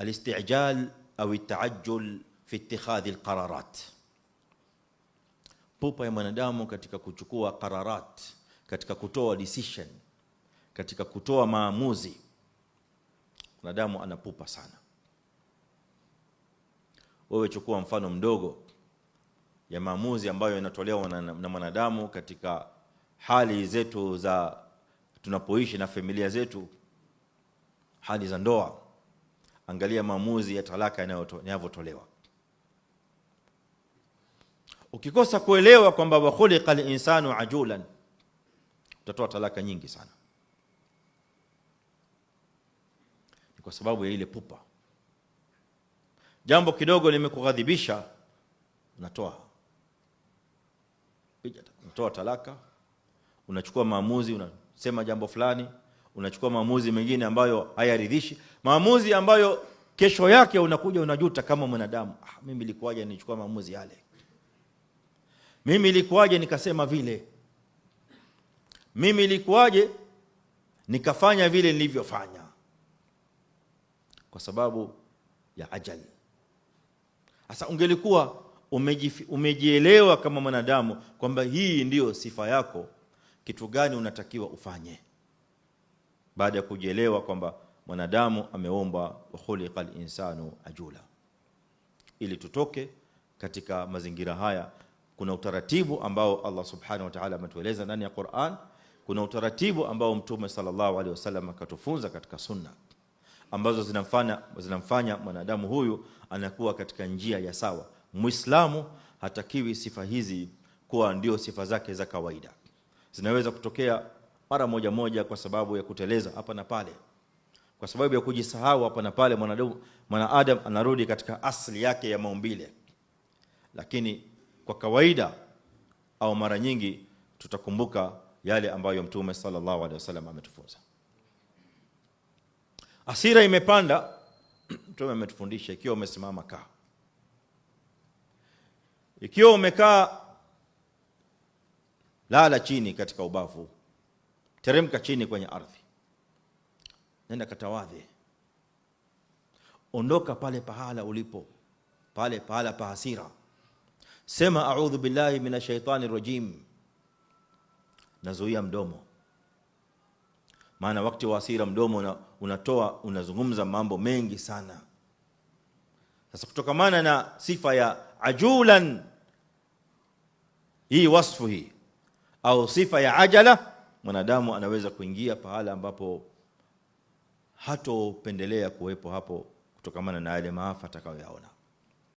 al-istijal au at-taajjul fi ittikhadhi al-qararat. Pupa ya mwanadamu katika kuchukua qararat, katika kutoa decision, katika kutoa maamuzi. Mwanadamu anapupa sana. Wewe chukua mfano mdogo ya maamuzi ambayo yanatolewa na mwanadamu katika hali zetu za tunapoishi na familia zetu, hali za ndoa angalia maamuzi ya talaka yanavyotolewa. Ukikosa kuelewa kwamba wa khuliqa linsanu ajulan, utatoa talaka nyingi sana, ni kwa sababu ya ile pupa. Jambo kidogo limekughadhibisha, unatoa unatoa talaka, unachukua maamuzi, unasema jambo fulani unachukua maamuzi mengine ambayo hayaridhishi, maamuzi ambayo kesho yake unakuja unajuta kama mwanadamu, ah, mimi ilikuwaje nichukua maamuzi yale? Mimi ilikuwaje nikasema vile? Mimi ilikuwaje nikafanya vile nilivyofanya? Kwa sababu ya ajali. Sasa ungelikuwa umejielewa kama mwanadamu kwamba hii ndiyo sifa yako, kitu gani unatakiwa ufanye? baada ya kujielewa kwamba mwanadamu ameumbwa wa khuliqa linsanu ajula. Ili tutoke katika mazingira haya, kuna utaratibu ambao Allah subhanahu wa ta'ala ametueleza ndani ya Qur'an, kuna utaratibu ambao Mtume sallallahu alaihi wasallam akatufunza katika sunna ambazo zinamfanya zinamfanya mwanadamu huyu anakuwa katika njia ya sawa. Muislamu hatakiwi sifa hizi kuwa ndio sifa zake za kawaida, zinaweza kutokea mara moja moja kwa sababu ya kuteleza hapa na pale, kwa sababu ya kujisahau hapa na pale. Mwanaadam anarudi katika asili yake ya maumbile, lakini kwa kawaida au mara nyingi tutakumbuka yale ambayo Mtume sallallahu alaihi wasallam ametufunza. Hasira imepanda, Mtume ametufundisha ikiwa umesimama kaa, ikiwa umekaa lala chini katika ubavu teremka chini kwenye ardhi, nenda katawadhi ondoka pale pahala ulipo pale pahala pa hasira, sema a'udhu billahi minashaitani rajim, nazuia mdomo maana wakati wa hasira mdomo una, unatoa unazungumza mambo mengi sana. Sasa kutokamana na sifa ya ajulan hii wasfu hii au sifa ya ajala mwanadamu anaweza kuingia pahala ambapo hatopendelea kuwepo hapo kutokamana na yale maafa atakayoyaona.